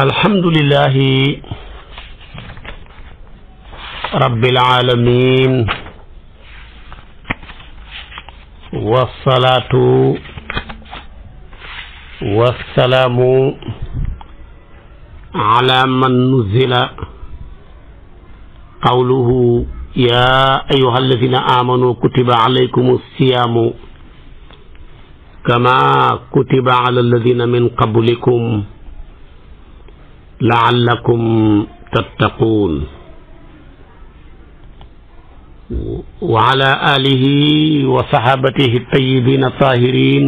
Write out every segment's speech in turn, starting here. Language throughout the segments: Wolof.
الحمد لله رب العالمين والصلاة والسلام على من نزل قوله يا أيها الذين آمنوا كتب عليكم الصيام كما كتب على الذين من قبلكم لعلكم تتقون وعلى آله وصحابته الطيبين الطاهرين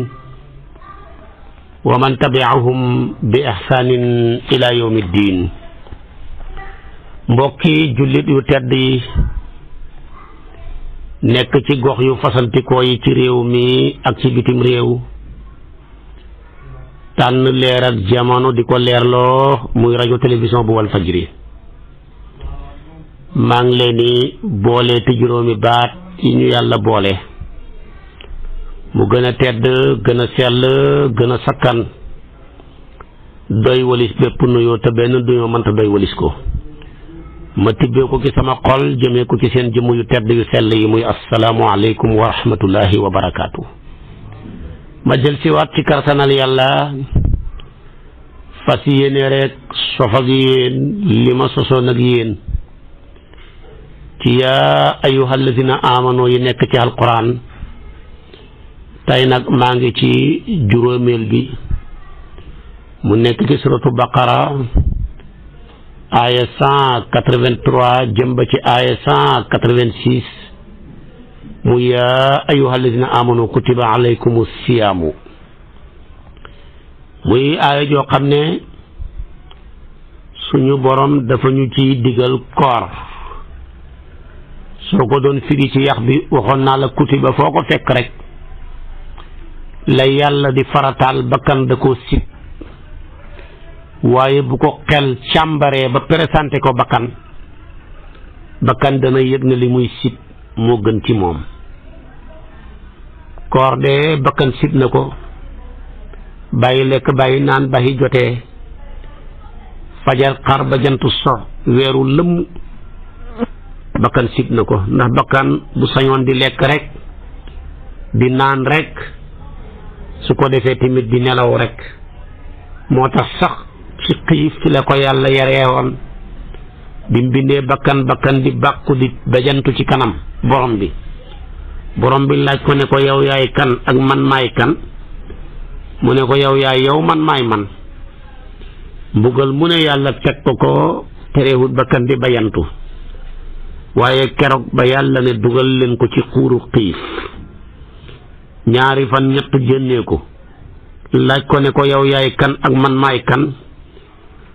ومن تبعهم بإحسان إلى يوم الدين mbokki جلد yu نكتي yi nekk ci gox yu fasantikoo yi tànn leeral ak jamono di ko leerloo muy rajo télévision bu wal fajri maa ngi leen di boole te juróomi baat yi ñu yàlla boole mu gën a tedd gën a sell gën a sakkan doy walis bépp nuyoo te benn duñoo mënta doy walis ko ma tibbee ko ci sama xol jëmee ko ci seen jëmm yu tedd yu sell yi muy asalaamu aleykum wa rahmatullahi wa barakaatu. ma jël si waat ci kartanal yàlla fas yéene rek sof ak yéen li sosoon ak yéen ci yaa ayuha amano yi nekk ci alquran tey nag maa ngi ci juróomeel bi mu nekk ci suratu baqara aaya cent quatre vingt ci aaya cent quatre six mu yaa ayuha alladina amanu kutiba alaykum siyaamu muy aaya joo xam ne suñu borom dafa ñu ci digal koor soo ko doon firi ci yax bi waxoon naa la ba foo ko fekk rek la yàlla di farataal bakkan da koo sib waaye bu ko xel càmbaree ba présenté ko bakkan bakkan dana yëg na li muy sib moo gën ci moom koor de bakkan sib na ko bàyyi lekk bàyyi naan bàyyi jotee fajar xar ba jantu so weeru lëmm bakkan sib na ko ndax bakkan bu sañoon di lekk rek di naan rek su ko defee timit di nelaw rek moo tax sax ci xiif ci la ko yàlla yareewoon bim bakkan bakkan di bakku di bajantu ci kanam borom bi borom bi laaj ko ne ko yow yaay kan ak man maay kan mu ne ko yow yaay yow man maay man mbugal mu yàlla teg ko ko terewut bakkan di bayantu waaye keroog ba yàlla ne dugal leen ko ci xuuru xiif ñaari fan ñett génnee ko laaj ko yow yaay kan ak man maay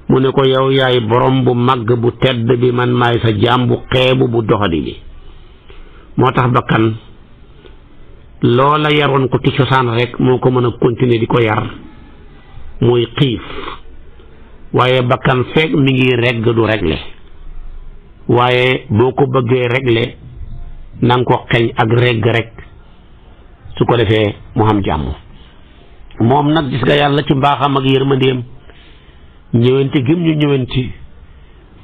mu ne ko yow yaay borom bu màgg bu tedd bi man maay sa jaam bu xeebu bu doxadi bi moo tax bakkan loola yaroon ko ci cosaan rek moo ko mën a continuer di ko yar mooy xiif waaye bakkan fekk mi ngi regg du regle waaye boo ko bëggee regle na nga ko xeeñ ak regg rek su ko defee mu am jàmm moom nag gis nga yàlla ci mbaaxam ak yërmandeem ñëwenti gim ñu ñëwenti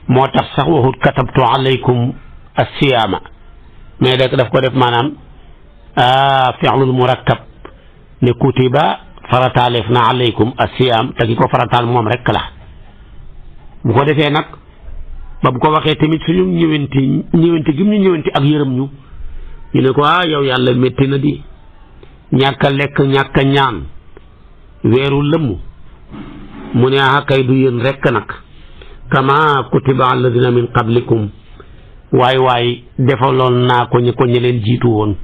moo tax sax waxut katabtu alaykum as siyaama mais daf ko def maanaam Ah, fi'lul murakkab ne kutiba farataaleef na alaykum asiyaam te ki ko farataal moom rek la bu ko defee nag ba bu ko waxee tamit suñu ñëwanti ñëwanti gi ñu ñëwanti ak yërëm ñu ñu ne ko ah yow yàlla metti na di ñàkk a lekk ñàkk ñaan weeru lëmm mu ne ah kay du yéen rekk nag kama kutiba alladina min qablikum waay waay defaloon naa ko ñi ko ñi leen jiitu woon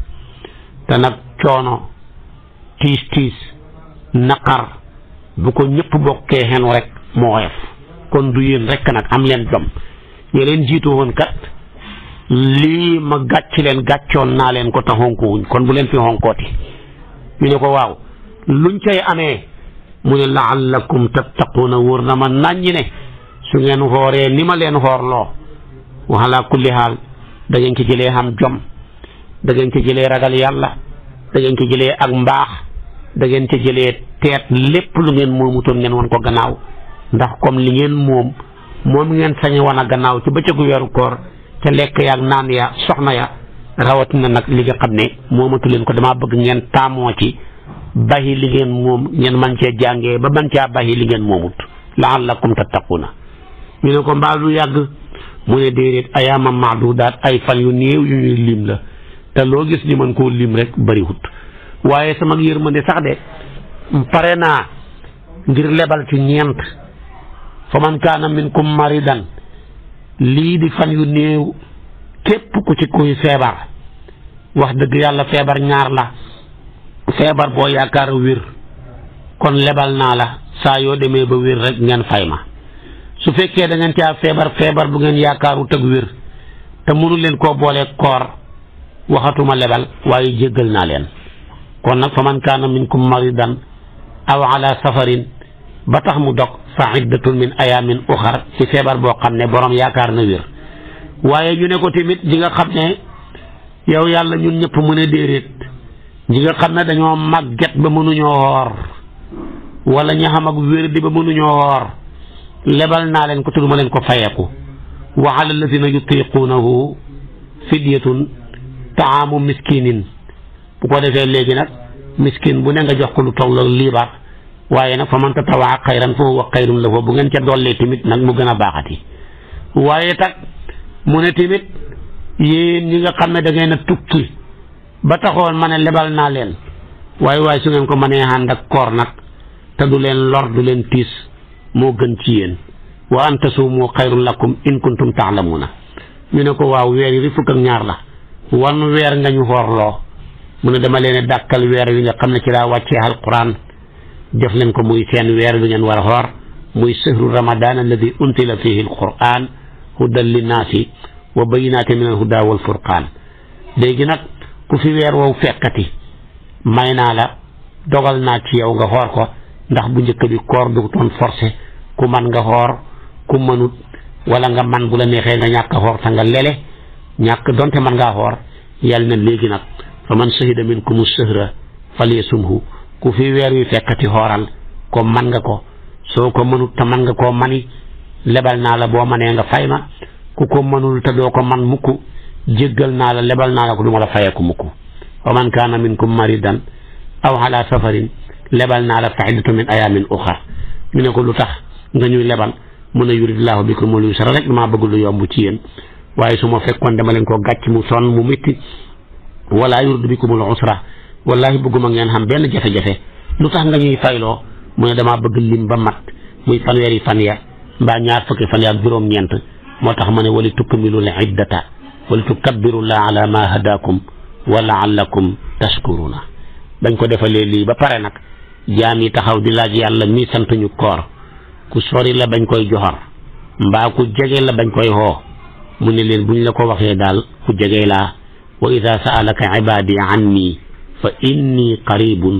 te nag coono tiis tiis naqar bu ko ñëpp bokkee xenu rek moo woyof kon du yéen rekk nag am leen jom ñe leen jiitu woon kat lii ma gàcc leen gàccoon naa leen ko te xonkuwuñ kon bu leen fi xonkooti ñu ne ko waaw luñ cay amee mu ne laallakum tattaquuna wóor na ma nàññi ne su ngeen xooree ni ma leen xoorloo waxalaa kulli xaal da ngeen ci jëlee xam jom da ngeen ci jëlee ragal yàlla da ngeen ci jëlee ak mbaax da ngeen ci jëlee teet lépp lu ngeen moomutoon ngeen wan ko gannaaw ndax comme li ngeen moom moom ngeen sañ wan a gannaaw ci bëccëgu weeru koor ca lekk ya ak naan ya soxna ya rawatina nag li nga xam ne moomatu leen ko damaa bëgg ngeen taamoo ci bàyyi li ngeen moom ngeen man cee jàngee ba man caa bàyyi li ngeen moomut laallakum tattaquuna ñu ne ko mbaa lu yàgg mu ne déedéet ayaama maadudaat ay fan yu néew yu ñuy lim la te logis gis ni man ko lim rek bariwut waye sama yërmande sax de pare ngir lebal ci ñent fa man minkum maridan li di fan yu neew kep ku ci koy febar wax deug yalla febar ñaar la febar bo yaakar wir kon lebal nala, la sa yo demee ba wir rek ngeen fay ma su fekke da ngeen ci febar febar bu ngeen yaakaru tëg wir te munu len ko bolé kor waxatuma lebal waaye jéggal naa leen kon nag fa man kaana minkum maridan aw ala safarin ba tax mu dog fa iddatun min ayaamin uxar ci feebar boo xam ne borom yaakaar na wér waaye ñu ne ko tamit ji nga xam ne yow yàlla ñun ñëpp mën a déeréet ñi nga xam ne dañoo màgget ba mënuñoo woor wala ñi xam ak wérdi ba mënuñoo lebal naa leen ko tudd ma leen ko fayeeku wa ala alladina yutiquunahu fidyatun taamu miskinin bu ko defee léegi nag miskin bu ne nga jox ko lu toll liibar waaye nag fa man tatawaa xayran fa huwa la lahu bu ngeen ca dollee tamit nag mu gën a baaxati waaye tak mu ne tamit yéen ñi nga xam ne da ngeen a tukki ba taxoon ma ne lebal naa leen waaye waaye su ngeen ko mënee ànd ak koor nag te du leen lor du leen tiis moo gën ci yéen wa an tasuumu xayrun lakum in kuntum taalamuuna ñu ne ko waaw weer yi fukk ak wan weer nga ñu xoorloo mu ne dama leen dàkkal weer wi nga xam ne ci laa wàccee alquran def leen ko muy seen weer bi ngeen war a xoor muy sëhru ramadan alladi untila fihi alquran hudan linnaasi wa bayinaati min alhuda wal furqaan léegi nag ku fi weer wow fekkati may naa la dogal naa ci yow nga xoor ko ndax bu njëkk bi koor du doon forcé ku man nga xoor ku mënut wala nga man bu la neexee nga ñàkk a xoor ta nga lele ñàkk donte man ngaa xoor yàlla na léegi nag fa man shahida minkumu shahra falyasumhu ku fi weer wi fekkati xooral ko man nga ko soo ko mënul ta man nga koo mani lebal naa la boo manee nga fay ma ku ko mënul te doo ko man mukk jéggal naa la lebal naa la ko du ma la fayeeku mukk wa man kaana minkum maridan aw ala safarin lebal naa la fa'iddatu min ayaamin uxar ñu ne ko lu tax nga ñuy lebal mun a yuridillahu bikumul yusra rek maa bëggul lu yomb ci waaye su ma fekkoon dama leen ko gàcc mu son mu métti wala yurdu bikumul usra wallahi bëgguma ngeen xam benn jafe-jafe lu tax nga ñuy fayloo mu ne damaa bëgg lim ba mat muy fanweeri fan ya mbaa ñaar fukki fan ya ak ñeent moo tax ma ne wali tukmilu l iddata wali tukabbiru laa ala ma hadakum wa laallakum tashkuruna bañ ko defalee lii ba pare nag jaam yi taxaw di laaj yàlla mii sant ñu koor ku sori la bañ koy joxar mbaa ku jege la bañ koy xoo mu ne leen buñ la ko waxee daal ku jege laa wa ida saalaka ibaadi anni fa inni qaribun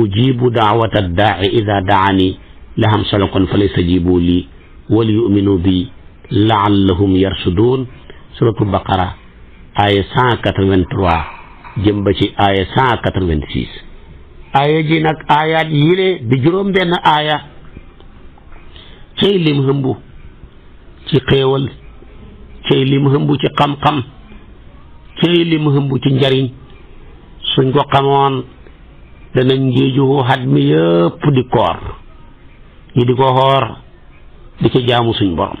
ujibu daawata daaci ida daani laham salakon fa laystajibu lii wal yuminu bi laallahum yarsuduun suratul baqara aaya cent quatre-vingt-trois jëm ba ci aaya cent quatre-vingt-six aaya ji nag aayaat yile di juróom benn aaya cey lim hëmbu ci xéewal cey lim hëmb ci xam-xam cey lim hëmb ci njariñ suñ ko xamoon danañ ngéejuhu xat mi yëpp di koor ñi di ko xoor di ci jaamu suñ borom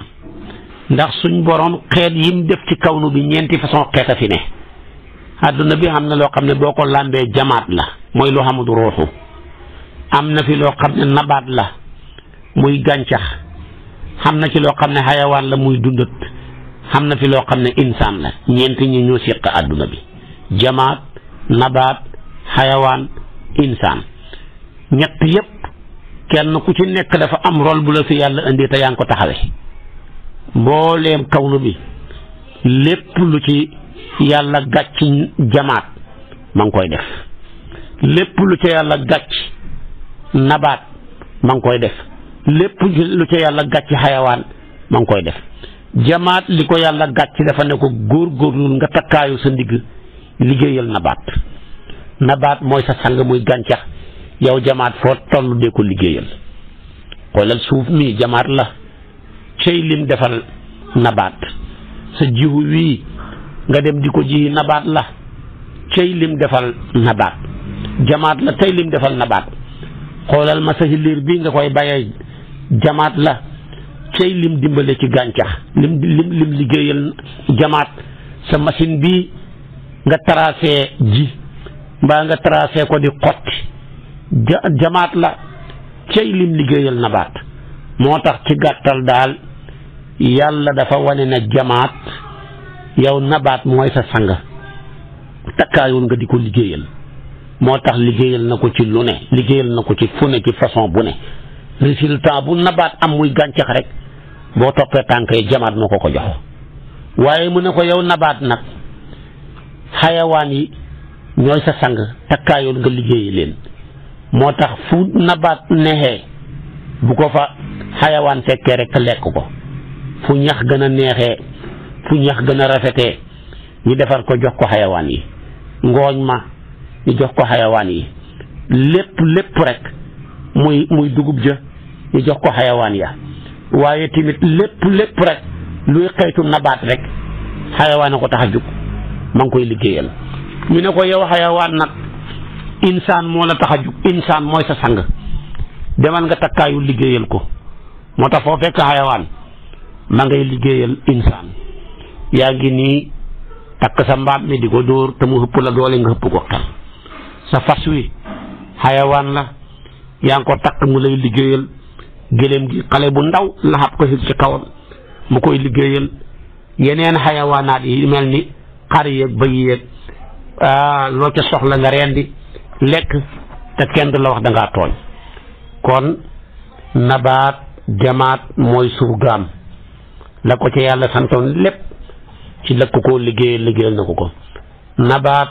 ndax suñ borom xeet yim def ci kawnu bi ñeenti façon xeet a fi ne àdduna bi am na loo xam ne boo ko làmbee jamaat la mooy lu xamut ruuxu am na fi loo xam ne nabaat la muy gàncax xam na ci loo xam ne xayawaan la muy dundat xam na fi loo xam ne insaan la ñeent ñi ñu siq àdduna bi jamaat nabaat xayawaan insaan ñett yépp kenn ku ci nekk dafa am rôle bu la fi yàlla indi te yaa ngi ko taxawe mbooleem kawlu bi lépp lu ci yàlla gàcc jamaat ma ngi koy def lépp lu ca yàlla gàcc nabaat ma ngi koy def lépp lu ca yàlla gàcc xayawaan ma ngi koy def jamaat li ko yàlla gàcc dafa ne ko góor góorlul nga takkaayu sa ndigg liggéeyal nabaat nabaat mooy sa sang muy gàncax yow jamaat foo toll dee ko liggéeyal xoolal suuf mii jamaat la cëy lim defal nabaat sa jiwu wii nga dem di ko ji nabaat la cëy lim defal nabaat jamaat la tey lim defal nabaat xoolal ma sa hilliir bii nga koy bayee jamaat la cey lim dimbale ci gàncax lim lim liggéeyal jamaat sa machine bi nga tracé ji mbaa nga tracé ko di xotti ja jamaat la cey lim liggéeyal nabaat moo tax ci gàttal daal yàlla dafa wane na jamaat yow nabaat mooy sa sang takkaayoon nga di ko liggéeyal moo tax liggéeyal na ko ci lu ne liggéeyal na ko ci fu ne ci façon bu ne résultat bu nabaat am muy gàncax rek boo toppee tànk yi jamaat moo ko ko jox waaye mu ne ko yow nabaat nag xayawaan yi ñooy sa sang takkaayoon nga liggéeyi leen moo tax fu nabaat neexee bu ko fa xayawaan fekkee rek lekk ko fu ñax gën a neexee fu ñax gën a rafetee ñu defar ko jox ko xayawaan yi ngooñ ma ñu jox ko xayawaan yi lépp lépp rek muy muy dugub jë ñu jox ko hayawan ya waye timit lepp lepp rek luy xeytu nabat rek hayawan ko tax a koy liggeyal ñu ne ko yow hayawan nak insaan mo la tax insaan moy sa sang demal nga takkayu liggeyal ko mota fo foo fekk xayawaan ma ngay liggeyal insaan yaa ngi nii sa mbam mi diko ko te mu hëpp la dole nga ko sa fas wi la yang ko tak mu lay liggeyal gëléem gi xale bu ndaw laxab ko ci kawam mu koy liggéeyal yeneen xayawaanaat yi mel ni xar yeeg bëy yeeg ah, loo ca soxla nga rendi lekk te kenn la wax da tooñ kon nabaat jamaat mooy surgaam la ko ca yàlla santoon lépp ci la ko liggéeyal liggéeyal na ko ko nabaat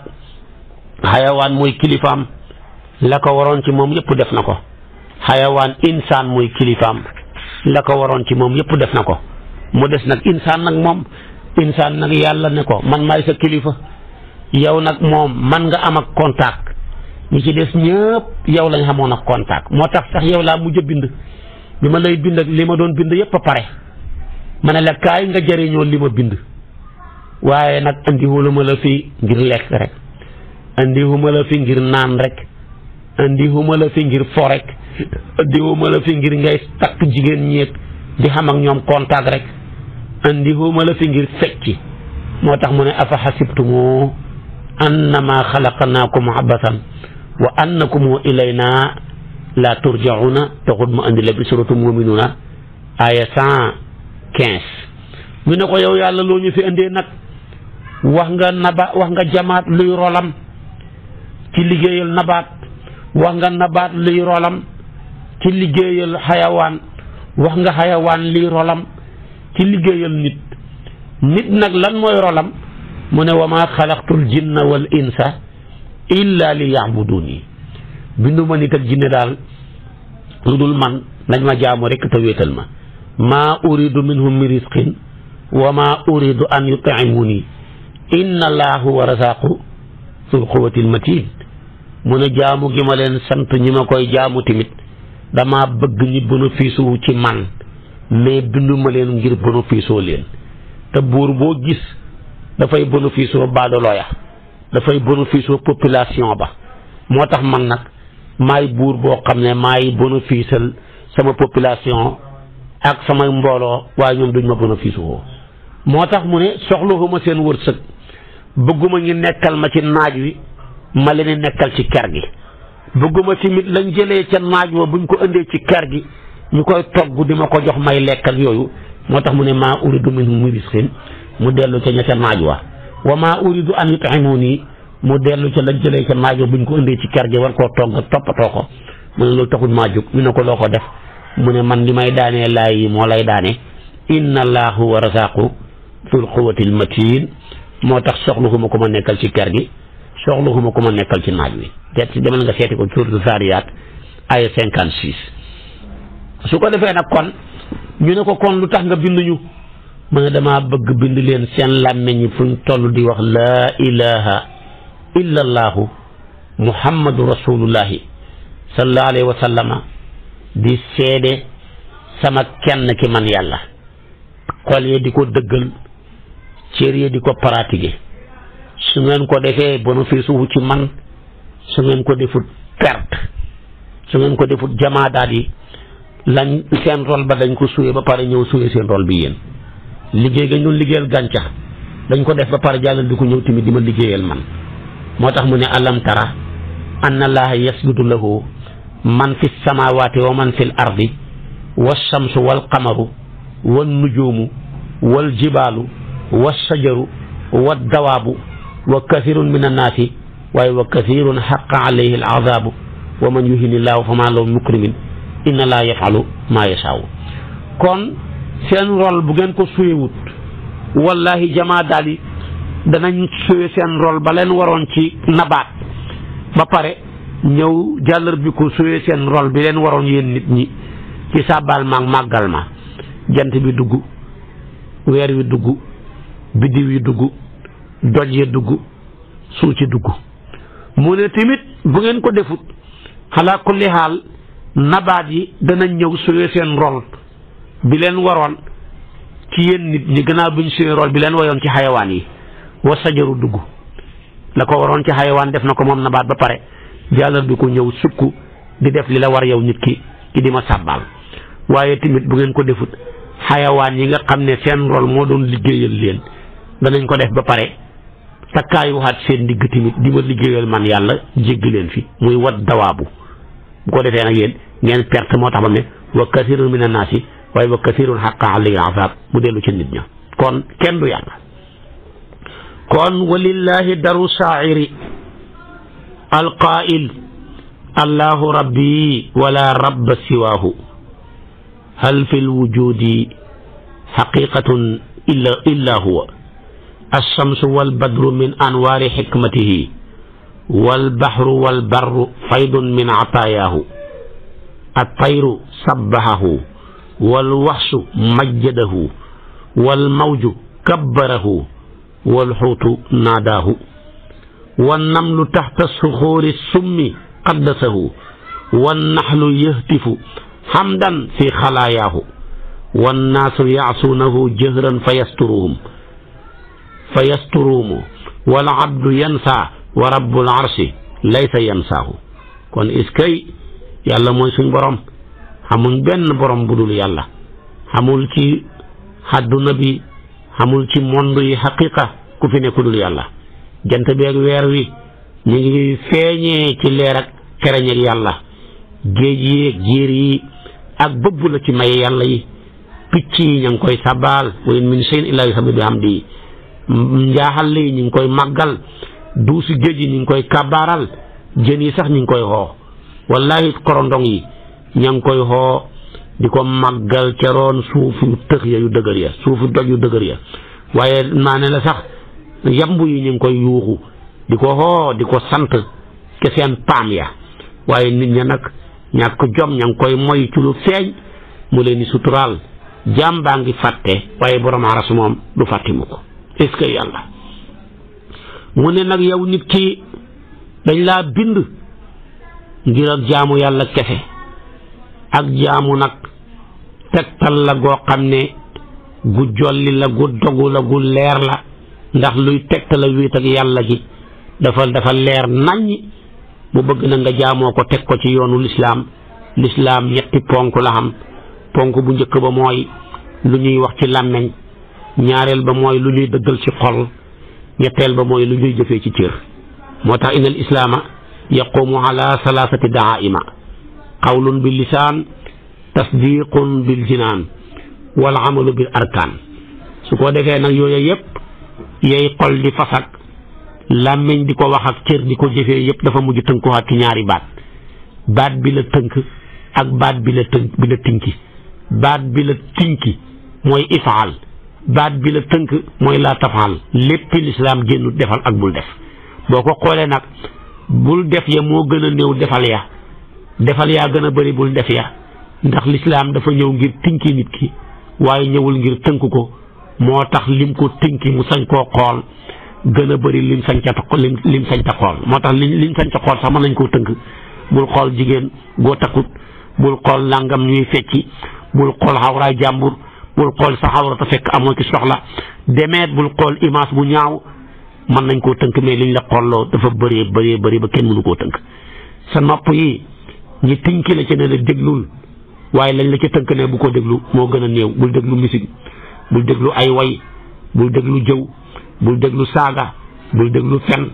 xayawaan mooy kilifaam la ko waroon ci moom yëpp def na ko xayawaan insaan mooy kilifaam la ko waroon ci moom yëpp def na ko mu des nag insaan nag moom insaan nag yàlla ne ko man maay sa kilifa yow nag moom man nga am ak contact ñi ci des ñëpp yow lañ xamoon ak contact moo tax sax yow laa mujj bind bi ma lay bind ak lii ma doon bind yëpp a pare ma ne la kaay nga jëriñoo li ma bind waaye nag andiwuma la fi ngir lekk rek andiwuma la fi ngir naan rek huma la fi ngir forek andi huma la fi ngir ngay tak jigen ñeeg di xam ak ñom contact rek huma la fi ngir fecci motax mu ne afa hasibtum annama khalaqnakum abathan wa annakum ilayna la turjauna taqul ma andi labi suratul muminuna aya 115 mu ne ko yow yalla lo ñu fi ande nak wax nga naba wax nga jamaat luy rolam ci nabat wax nga nabaat luy rolam ci liggéeyal xayawaan wax nga xayawaan liy rolam ci liggéeyal nit nit nag lan mooy rolam mu ne wa maa xalaqtul jinna wal insa illa li yaabuduni binduma nit ak jinne daal lu dul man nañ ma jaamu rekk te wéetal ma maa uridu minhum min risqin wa maa uridu an yutimuni inna allah huwa razaqu zul quwati almatin mu ne jaamu gi ma leen sant ñi ma koy jaamu tamit dama bëgg ñi bénéfice wu ci man mais binduma leen ngir bénéfice leen te buur boo gis dafay bénéfice baadolo ya dafay bénéfice population ba moo tax man nag maay buur boo xam ne maay bénéfice sama population ak samay mbooloo waaye ñoom duñ ma bénéfice woo moo tax mu ne soxlawuma seen wërsëg bëgguma ngi nekkal ma ci naaj wi ma leen nekkal ci ker gi bëgguma tamit lañ jëlee ca naaj wa buñ ko ëndee ci ker gi ñu koy togg di ma ko jox may lekkal ak yooyu moo tax mu ne maa uridu minhum min mu dellu ca ña ca naaj wa wa maa uridu an yut'imuuni mu dellu ca lañ jëlee ca naaj wa buñ ko indee ci ker gi war koo togg toppatoo ko mu ne loolu taxul maa jóg ñu ne ko loo ko def mu ne man li may daanee laay moo lay daane inna allahu wa rasaqu zul quwwatil matin moo tax soxlu ko ma nekkal ci ker gi soxluwuma ko ma nekkal ci naaj wi te demal nga seeti ko suuratu Zaariyaat ay cinquante six su ko defee na kon ñu ne ko kon lu tax nga bind ñu mu ne damaa bëgg bind leen seen làmmiñ yi fuñ toll di wax laa ilaha illa allahu muhammadu rasulullahi sallallahu alayhi wa sallama di seede sama kenn ki man yàlla xol yi di ko dëggal cër yi di ko pratiquer su ngeen ko defee bénéfice wu ci man su ngeen ko defut perte su ngeen ko defut jamaadaat yi lañ seen rôle ba dañ ko suyee ba pare ñëw suyee seen rôle bi yéen liggéey ga ñun liggéeyal gàncax dañ ko def ba pare jàllal di ko ñëw tamit di ma liggéeyal man moo tax mu ne alam tara anna allaha yasjudu lahu man fi samawati wa man fi l ardi wa samsu wal qamaru wa nujumu wal jibaalu wa sajaru wa dawaabu wa kathirun min annaasi waaye wa kathirun xaqa alayhi al azabu wa man yuhini llahu fa maa lahu mukrimin inna laa yafalu maa yasaawu kon seen rol bu ngeen ko suyewut wallahi jamaa daal yi danañ suye seen rôle ba leen waroon ci nabaat ba pare ñëw jàllar bi ko suye seen rol bi leen waroon yéen nit ñi ci sàbbaal maag màggal ma jant bi dugg weer wi dugg biddiw yi dugg doj ya dugg suuf ci dugg mu ne tamit bu ngeen ko defut xalaa kulli xaal nabaat yi danañ ñëw suyee seen rol bi leen waroon ci yéen nit ñi gannaaw buñ suyee bi leen wayoon ci xayawaan yi wa sajaru dugg la ko waroon ci xayawaan def na ko moom nabaat ba pare jàllal bi ko ñëw sukk di def li la war yow nit ki ki di ma sàbbaal waaye tamit bu ngeen ko defut xayawaan yi nga xam ne seen rol moo doon liggéeyal leen danañ ko def ba pare takkaayuwaat seen digg tamit di ma liggéeyal man yàlla jéggi leen fi muy wat dawaabu bu ko defee nag yéen ngeen perte moo tax ba ne wa kasirun min annaasi waaye wa mu dellu ci nit ña kon kenn du yàlla kon walillahi daru saairi alqaail allahu rabbi wala rabba siwaahu hal fi lwujudi xaqiqatun illa illa الشمس والبدر من أنوار حكمته والبحر والبر فيض من عطاياه الطير سبحه والوحش مجده والموج كبره والحوت ناداه والنمل تحت الصخور السم قدسه والنحل يهتف حمدا في خلاياه والناس يعصونه جهرا فيسترهم fa yasturuumu wal abdu yansa wa rabbul arshi laysa yansaahu kon iskay yàlla mooy suñ borom xamuñ benn borom bu dul yàlla xamul ci àdduna bi xamul ci monde yi xaqiqa ku fi ne ku dul yàlla jant bi ak weer wi ñu ngi feeñee ci leer ak kereñ yàlla géej yi ak jéer yi ak bëbb la ci may yàlla yi picc yi ña ngi koy sabaal wa in min shay'in illaa yusabbihu bihamdihi njaaxal li ñing koy magal duusi géej yi ñing koy kabaral jeen yi sax ñing koy xoo wallahi korondong yi ñang koy xoo di ko màggal ca roon suufu tëx ya yu dëgër ya suufu doj yu dëgër ya waaye naa ne la sax yamb yi ñu ngi koy yuuxu di ko xoo di ko sant ke seen paam ya waaye nit ña nag ñàkk jom ña koy moy ci lu feeñ mu leen di sutural jaam ngi fàtte waaye borom aras moom du fàttimu ko est yàlla mu ne nag yow nit ki dañ laa bind ngir ak jaamu yàlla kese ak jaamu nag tegtal la goo xam ne gu jolli la gu dogu la gu leer la ndax luy tegtal la wéet ak yàlla ji dafa dafa leer naññ mu bëgg na nga jaamoo ko teg ko ci yoonu lislaam lislaam ñetti ponk la xam ponk bu njëkk ba mooy lu ñuy wax ci làmmeñ ñaareel ba mooy lu ñuy dëggal ci xol ñetteel ba mooy lu ñuy jëfee ci cër moo tax inna al islaama yaqumu ala salaasati daaima qawlun bil lisaan tasdiqun bil jinaan wal amalu bil arkaan su ko defee nag yooyu yëpp yey xol di fasak làmmiñ di ko wax ak cër di ko jëfe yëpp dafa mujj tënkuwaat ci ñaari baat baat bi la tënk ak baat bi la tënk tinki baat bi la tinki mooy ifaal baat bi la tënk mooy laa tafaal lépp lislaam génnut defal ak bul def boo ko xoolee nag bul def ya moo gën a néew defal ya defal yaa gën a bëri bul def ya ndax lislaam dafa ñëw ngir tinki nit ki waaye ñëwul ngir tënk ko moo tax lim ko tinki mu sañ koo xool gën a bari lim sañca lim lim sañca xool moo tax lim lim sañca xool sax mën nañ koo tënk bul xool jigéen goo takkut bul xool làngam ñuy fecci bul xool xawraay jàmbur bul xool sa xawrata fekk amoo ci soxla demeet bul xool image bu ñaaw mën nañ koo tënk mee liñ la xooloo dafa bëree bëree bëri ba kenn mënu koo tënk sa nopp yi ñu tënki la ci ne la déglul waaye lañ la ca tënk ne bu ko déglu moo gën a néew bul déglu musique bul déglu ay way bul déglu jëw bul déglu saaga bul déglu fen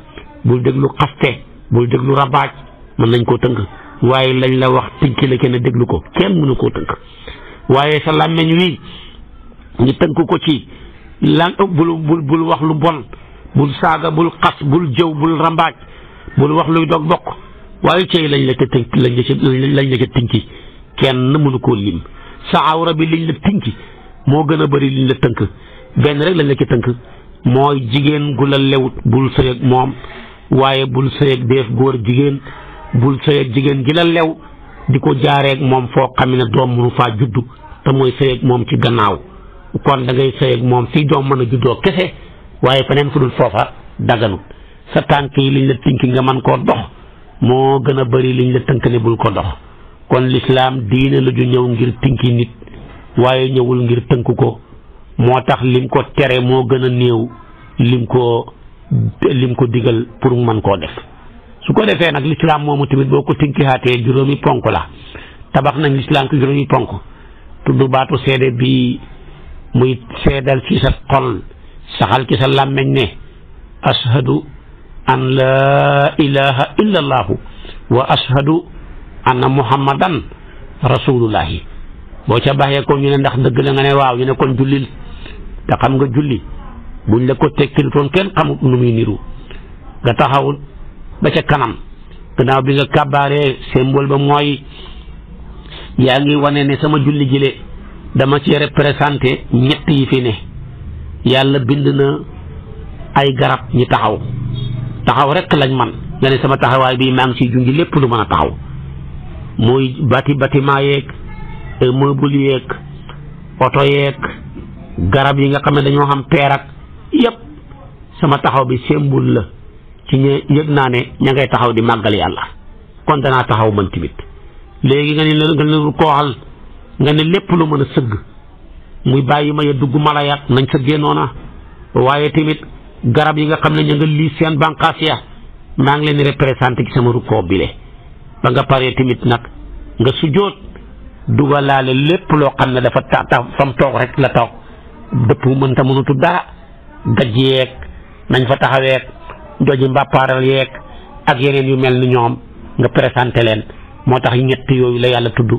bul déglu xaste bul déglu rabaaj mën nañ koo tënk waaye lañ la wax tënki la kenn déglu ko kenn mënu koo tënk waaye sa làmmeñ wi ñu tënk ko ci lan bul bul bul wax lu bon bul saaga bul xas bul jëw bul rambaaj bul wax luy dog bokk waaye cey lañ la ca tënk lañ la lañ la ca tinki kenn mënu koo lim sa awra bi liñ la tinki moo gën a bari liñ la tënk benn rek lañ la ca tënk mooy jigéen gu la lewut bul sëy ak moom waaye bul sëy ak deef góor jigéen bul sëy ak jigéen gi la lew di ko jaareeg moom foo xam ne doom mënu faa juddu te mooy sëy ak moom ci gannaaw kon da ngay sëy ak moom fii doom mën a juddoo kese waaye feneen fu dul foofa daganut sa tànk yi liñ la tënk nga mën koo dox moo gën a bari liñ la tënk ne bul ko dox kon lislaam diine la ju ñëw ngir tinki nit waaye ñëwul ngir tënk ko moo tax lim ko tere moo gën a néew lim ko lim ko digal pour mu mën koo def su ko defee nag lislaam moomu tamit boo ko tinkihaatee juróomi ponk la tabax nañ lislaam ko juróomi ponk tudd baatu seede bi mu seedal ci sa xol saxal ci sa ne ashadu an laa ilaha illa allahu wa ashadu anna muhammadan rasulullahi boo ca baaxee ko ñu ne ndax dëgg la nga ne waaw ñu ne kon jullil te xam nga julli buñ la ko tekkil toon kenn xamut nu muy niru nga taxawul ba ca kanam gannaaw bi nga kàbbaaree symbole ba mooy yaa ngi wane ne sama julli jile dama ci représenté ñett yi fi ne yàlla bind na ay garab ñi taxaw taxaw rek lañ man nga ne sama taxawaay bii maa ngi ciy junj lépp lu mën a taxaw muy bati bâtiment yeeg euh, meuble yeeg oto yeeg garab yi nga xam ne dañoo xam peer ak yépp sama taxaw bi symbole la ci ñe yëg naa ne ña ngay taxaw di màggal yàlla kon danaa taxaw man tamit léegi nga ne nga ne kooxal nga ne lépp lu mën a sëgg muy bàyyi ma ya dugg malayaat nañ sa génnoona waaye tamit garab yi nga xam ne ñu lii seen bànqaas ya maa ngi leen di représenté ci sama rukkoo bile ba nga paree tamit nag nga sujjóot dugalaale lépp loo xam ne dafa tax tax fam toog rek la toog dëpp mën mënta mënutu dara gaj yeeg nañ fa taxaweeg joji mbàppaaral yeeg ak yeneen yu mel ni ñoom nga présenté leen moo tax ñett yooyu la yàlla tudd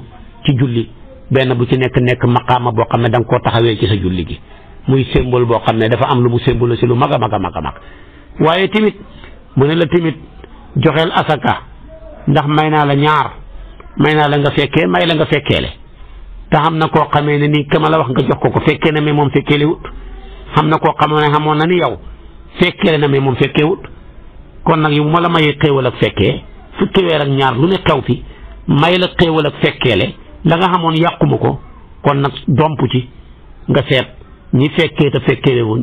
ci julli benn bu ci nekk nekk maqaama boo xam ne danga koo taxawee ci sa julli gi muy symbole boo xam ne dafa am lu mu symbole si lu mag a mag a mag a mag waaye tamit mu ne la tamit joxeel asaka ndax may naa la ñaar may naa la nga fekkee may la nga fekkeele te xam na koo xamee ne nii kama la wax nga jox ko ko fekkee na mais moom fekkeele wut xam na koo xamoon ne xamoon na ni yow fekkeele na mais moom fekkee wut kon nag yu ma la mayee xéewal ak fekkee fukki weer ak ñaar lu ne xew fi may la xéewal ak fekkeele la nga xamoon yàquma ko kon nag domp ci nga seet ñi fekkee te fekkee wuñ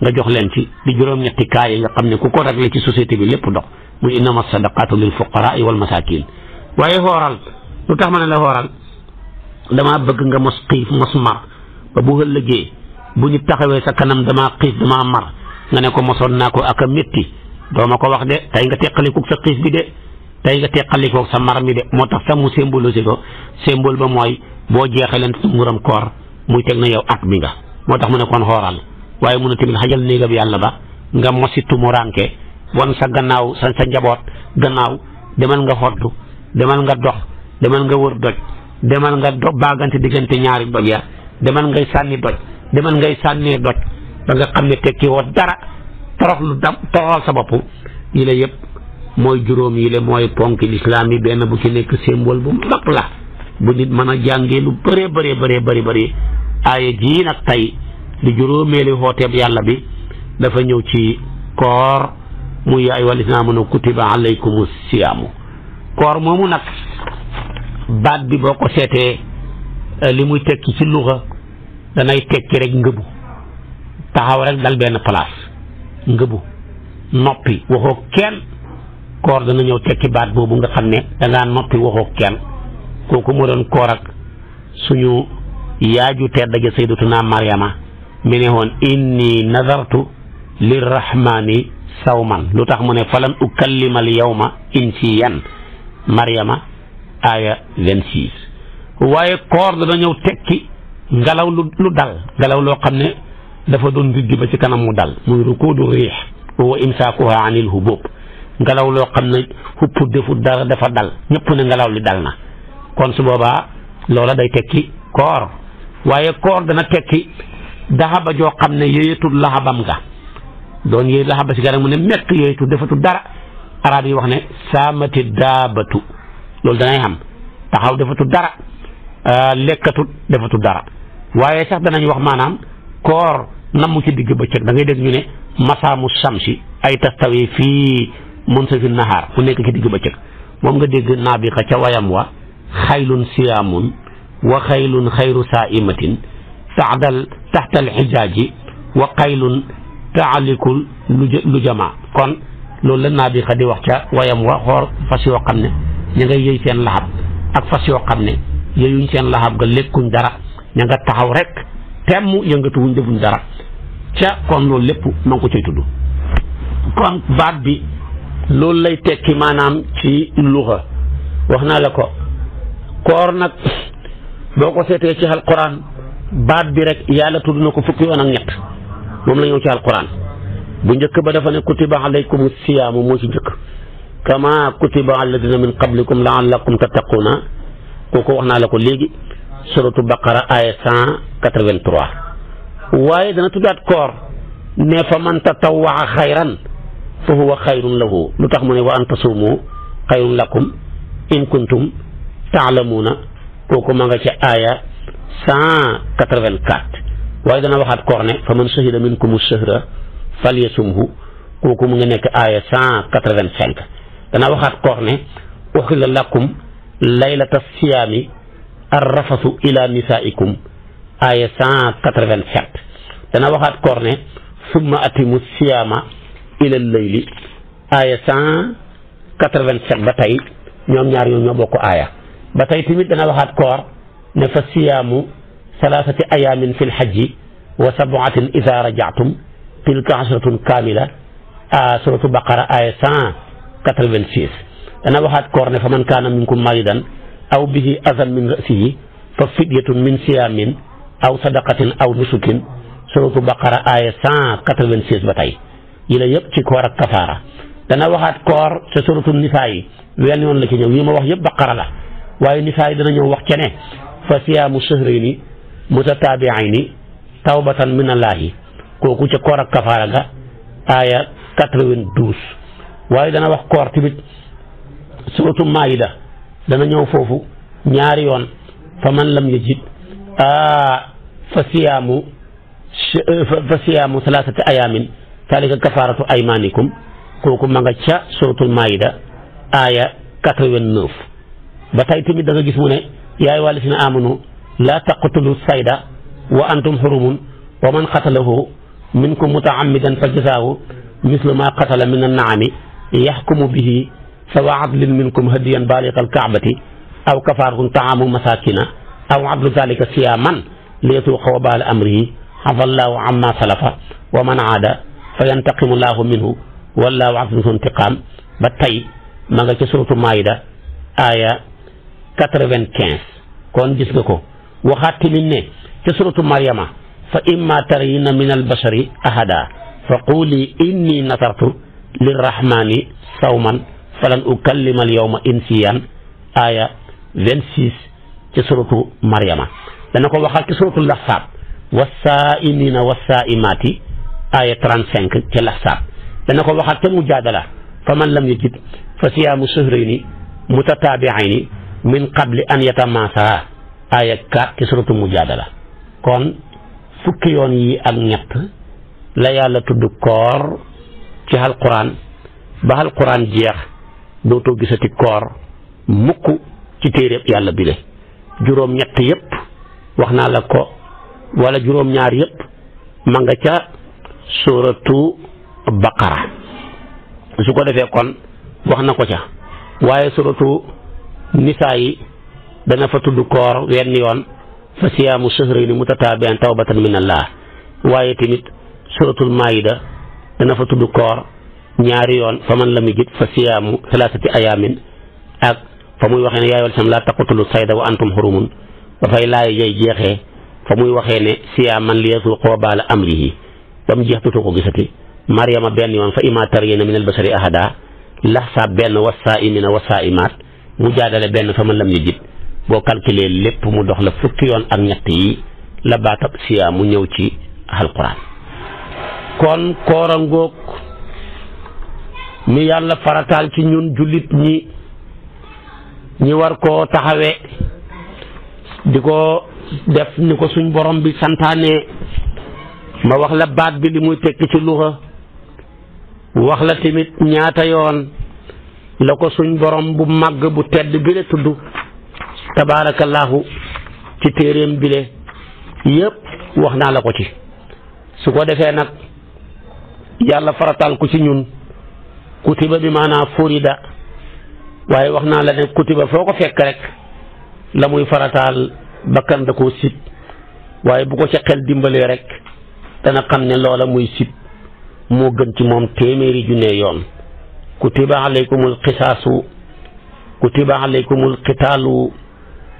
nga jox leen ci di juróom-ñetti kaa yi nga xam ne ku ko réglé ci société bi lépp dox muy innama sadaqatu lil fuqaraa wal masaakin waaye xooral lu tax ma ne la xooral dama bëgg nga mos xiif mos mar ba bu ëllëgee bu ñu taxawee sa kanam dama xiis damaa mar nga ne ko mosoon naa ko ak a métti doo ma ko wax de tey nga teqalikuk sa xiif bi de day nga tekkali ko sa marami de motax tax mu symbole ci ko symbole ba moy bo jeexaleen sa muram koor muy tek na yow at mi nga motax mu ne kon xoral waye mu ne hajal ne néegab yalla ba nga mositu mu rànke wan sa gannaaw sa sa njabot gannaaw demal nga xottu demal nga dox demal nga wër doj demal nga do baganti diggante ñaari bab ya demal ngay sanni doj demal ngay sanni doj ba nga xamne tekki wo dara torox dam toroxal sa bop yi la mooy juróom yi le mooy ponk lislaam yi benn bu ci nekk symbole bu mag la bu nit mën a jàngee lu bëree bëree bare bëri bëri aaya jii nag tey di juróomeeli xooteeb yàlla bi dafa ñëw ci koor mu yaay wal islaam na kutiba alaykumu siyaamu koor moomu nag baat bi boo ko seetee eh, li muy tekki ci luxa danay tekki rek ngëbu taxaw rek dal benn place ngëbu noppi waxoo kenn koor dana ñëw tekki baat boobu nga xam ne dangaa noppi waxoo kenn kooku moo doon koor ak suñu yaaju tedd ja sayyidatuna Maryama mi ne woon inni nazartu saw man lu tax mu ne falan ukallima al yawma insiyan Maryama aaya vingt-six waaye koor dana ñëw tekki ngelaw lu dal ngelaw loo xam ne dafa doon riddi ba ci kanam mu dal muy rukudu riix wa imsaakuha anil hubub ngalaw lo xamne ne defu defut dara dafa dal ñepp ne ngalaw li dal na kon su boba lola day tekki koor waye koor dana tekki dahaba jo xamne yeyetul lahabam ga don yey yéey ci si garab mu ne mett yéeyatul defatul dara arab yi wax ne saamati daabatu loolu danay xam taxaw defatul dara euh, lekkatul defatul dara waye sax danañ wax manam koor namu ci digg bëccëg da ngay dégg ñu ne masamu samsi ay tastawi fi mun sa fi nahaar mu nekk ci digg bëccëg moom nga dégg naabiqa ca wayam wa xaylun siyaamun wa xaylun xayru saaimatin taxdal taxtal xijaaji wa xaylun taalikul lu jamaa kon loolu la naabiqa di wax ca wayam wa xoor fas yoo xam ne ña ngay yëy seen laxab ak fas yoo xam ne yëyuñ seen laxab nga lekkuñ dara ña nga taxaw rek temm yëngatuwuñ defuñ dara ca kon loolu lépp ma ko cay tudd kon baat bi loolu lay tekki maanaam ci luxa wax naa la ko koor nag boo ko seetee ci alquran baat bi rek yàlla tudd na ko fukki yoon ak ñett moom la ñëw ci alquran bu njëkk ba dafa ne kutiba alaykum siyaamu moo ci njëkk kama kutiba alladina min qablikum laallakum tattaquuna kooku wax naa la ko léegi suratu baqara aya cent quatre-vingt-trois waaye dana tuddaat koor ne fa man tatawaa xayran فهو خير له لتخ وان تصوموا خير لكم ان كنتم تعلمون كوكو ماغا سي ايا 184 واذا نوحات كورني فمن شهد منكم الشهر فليصمه كوكو ماغا نيك ايا 185 دنا وخات كورني اخل لكم ليله الصيام الرفث الى نسائكم ايا 187 دنا وخات كورني ثم اتموا الصيام إلى الليل آية 187 باتاي نيوم نيار يوم نيوم بوكو آية باتاي تميت دنا وحد كور نفسيام ثلاثة أيام في الحج وسبعة إذا رجعتم تلك عشرة كاملة آه سورة البقرة آية 186 دنا وحد كور نفمن كان منكم مريضا أو به أذى من رأسه ففدية من صيام أو صدقة أو نسك سورة البقرة آية 186 باتاي yi la yëpp ci koor ak kafaara dana waxaat koor ca suratu nisaa yi wenn yoon la ci ñëw yi ma wax yëpp baqara la waaye nisaa yi dana ñëw wax ca ne fa siyaamu shahrayni mutataabi'ayni tawbatan min allaahi kooku ca koor ak kafaara ga aaya 92 waaye dana wax koor tamit suratu ñëw foofu ñaari yoon fa man lam yajid a fa siyaamu fa siyaamu salaasati ayaamin ذلك كفارة أيمانكم من غشاء سورة المائدة آية كتو النوف بطايت من دغا جسمون يا والسنا آمنوا لا تقتلوا السيدة وأنتم حرم ومن قتله منكم متعمدا فجزاه مثل ما قتل من النعم يحكم به سواء عدل منكم هديا بالغ الكعبة أو كفارة طعام مساكنا أو عدل ذلك سياما ليتوقع وبال أمره عفى الله عما سلف ومن عاد فينتقم الله منه ولا عظمه انتقام باتاي ماغا سي سوره مايده آية 95 كون جيس نكو وخات ني سي سوره مريم فاما ترين من البشر احدا فقولي اني نثرت للرحمن صوما فلن اكلم اليوم انسيا آية 26 في سوره مريم دا نكو وخال سي سوره والسائمين والسائمات ayat 35 ca sa dana ko waxaat te mujadala fa man lam yajid fa siyaamu sahrayni mutataabiayni min qabli an yatamasa ayat 4 ci suratul mujadala kon fukki yon yi ak ñet la yalla tudd koor ci alquran ba alquran jeex dootoo gisati koor mukk ci tere yalla bi le jurom ñet yep waxna la ko wala jurom ñaar yep ma nga ca suuratu baqara su ko defee kon wax na ko ca waaye suuratu nisaa yi dana fa tudd koor wenn yoon fa siyaamu shahrayni mutataabi'an tawbatan min laa waaye tamit suuratul maayida dana fa tudd koor ñaari yoon fa man lam yajid fa siyaamu salaasati ayaamin ak fa muy waxee ne yaayol sam laa taqutulu sayda wa antum xurumun dafay laay jay jeexee fa muy waxee ne siyaam man li yasuuqa wabaala amrihi bam mu jeex ko gisati Mariama ben yon fa ima tarayna min basari ahada laxsa ben wasaa'imina wasaimat mu jaadale ben fa man lam yajid bo calculer lepp mu dox la fuk yon ak ñatt yi la baatab mu ci alquran kon koora ngoog mi yalla faratal ci ñun julit ñi ñi war ko taxawé diko def niko ko suñ borom bi santane ma wax la baat bi li muy tekki ci luxa wax la tamit ñaata yoon la ko suñ borom bu màgg bu tedd bi la tudd tabaarakallaahu ci téeréem bile yépp wax naa la ko ci su ko defee nag yàlla farataal ku ci ñun kuti kutiba bi maanaam furida waaye wax naa la ne kutiba foo ko fekk rek la muy farataal bakkan da koo sit waaye bu ko ca xel dimbalee rek dana xam ne loola muy sib moo gën ci moom téeméeri junne yoon kutiba alaykumul qisaasu kutiba alaykumul qitaalu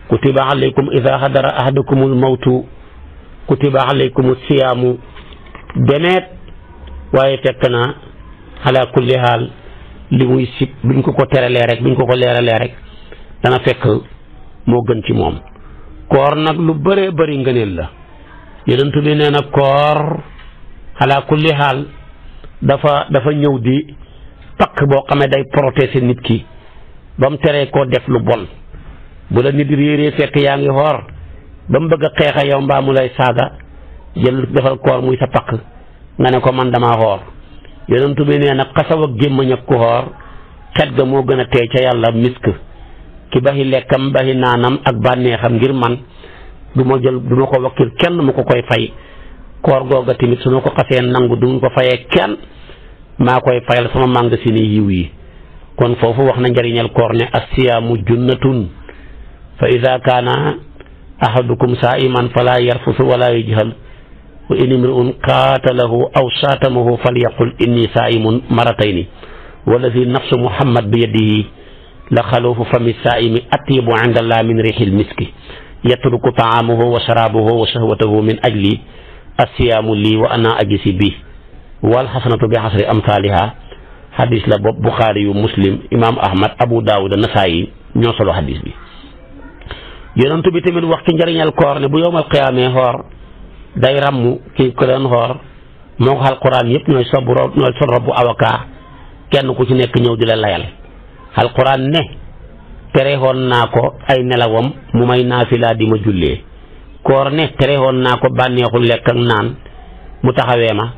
kutiba alaykum ida hadara mul mawtu kutiba alaykumus siyaamu demeet waaye fekk na ala kulli haal li muy sib biñ ko ko teralee rek biñ ko ko leeralee rek dana fekk moo gën ci moom koor nag lu bëree bëri ngëneel la yonent bi nee na koor ala kulli xaal dafa dafa ñëw di pakk boo xamee day protéger nit ki ba mu teree koo def lu bon bu la nit réeree fekk yaa ngi xoor ba mu bëgg a xeexa yow mbaa mu lay saaga jël defal koor muy sa pakk nga ne ko man dama xoor yonent bi nee na xasaw ak gémmañ ak ku xet ga moo gën a teey ca yàlla misk ki ba baxi lekkam baxi naanam ak bànneexam ngir man du ma jël du ma ko wakkil kenn mu ko koy fay koor googa tamit su ma ko xasee nangu du ma ko fayee kenn maa koy fayal sama magasin yiw yi kon foofu wax na njariñal koor ne assiyaamu junnatun fa ida kaana ahadukum saa'iman fala yarfusu wala yujhal wa in imri'un qaatalahu aw saatamahu falyaqul inni saa'imun maratayni wallazi nafsu muhammad bi yadihi la xaluufu fami saa'imi atyibu inda allah min rixil miski يترك طعامه وشرابه وشهوته من أجلي الصيام لي وأنا أجسي به والحسنة بحسر أمثالها xadis la bopp Buxaari yu muslim imaam Ahmad Abu Daawud Nasaayi ñoo solo xadis bi yonent bi tamit wax ci njëriñal koor ne bu yowmal qiyaamee xoor day ràmm kii ko doon xoor moo ko alquran yëpp ñooy sob rob ñooy sol robu avocat kenn ku ci nekk ñëw di la layal alquran ne. terexoon naa ko ay nelawam mu may naafilaa di ma jullee koor ne terexoon naa ko bànneexu lekk ak naan mu taxawee ma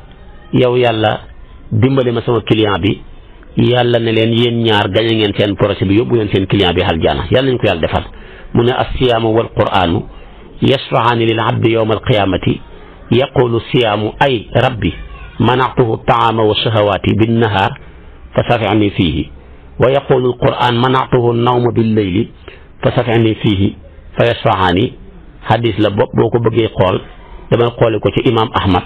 yow yàlla dimbali ma sama client bi yàlla ne leen yéen ñaar gañe ngeen seen projet bi yóbbu ngeen seen client bi aljana yàlla nañ ko yàlla defal mu ne assiyaamu wal quraanu yasfahaani lil abdi yowma alqiyaamati yaqulu siyaamu ay rabbi manaxtuhu taama wa shahawaati bin nahaar fa safani fiihi wa yaqulu alquran manaatuhu nawma bil layli fa safani fiihi fa yasfahaani hadis la bopp boo ko bëggee xool damay xoole ko ci imaam ahmad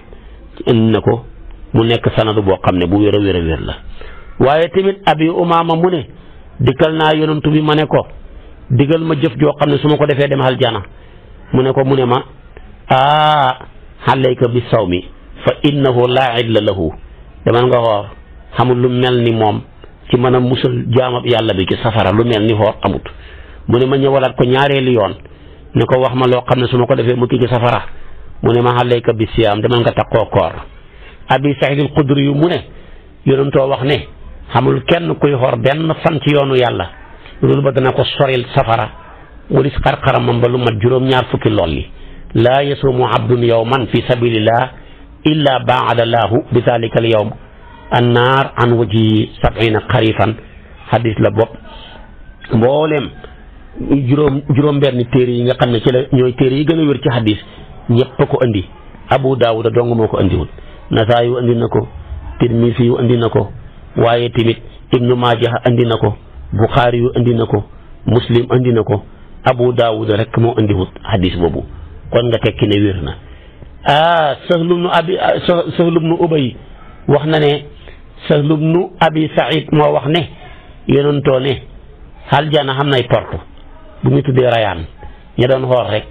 indi na ko mu nekk sanadu boo xam ne bu wér wér a la waaye tamit abi umaama mu ne dikkal naa yonantu bi ma ne ko digal ma jëf joo xam ne su ma ko defee dem aljana mu ne ko mu ne ma aa xalayka bi sawmi fa innahu laa idla lahu demal nga xoor xamul lu mel ni moom ci mën a musal jaamab yàlla bi ci safara lu mel ni xoor amut mu ne ma ñëwalaat ko ñaareelu yoon ne ko wax ma loo xam ne su ma ko defee mukki ci safara mu ne ma alayka bi siyaam demal nga takkoo koor abi saxiidil xudri yu mu ne too wax ne xamul kenn kuy xoor benn fan ci yoonu yàlla loolu ba dana ko soril safara walis xar-xaramam ba lu ma juróom-ñaar fukki lool yi laa yasuumu abdun yowman fi sabilillah illa baada laahu bi dalika al yowm annaar an waji sabina xarifan hadis la bopp mbooleem juróom juróom-benn téere yi nga xam ne ci la ñooy téere yi gën a wér ci hadis ñëpp ko andi Abu Daawuda dong moo ko andiwul Nasaa yu andi na ko Tirmisi yu na ko waaye tamit Ibnu Maaja andi na ko Buxaari yu andi na ko Muslim andi na ko Abu Daawuda rek moo andiwul hadis boobu kon nga tekki ne wér na ah Sahlu Abi ah, Sahlu Ubay wax na ne. Sahl ibnu Abi Saïd moo wax ne yonentoo ne aljana xam nay porte bu ñu tuddee rayaan ña doon xool rek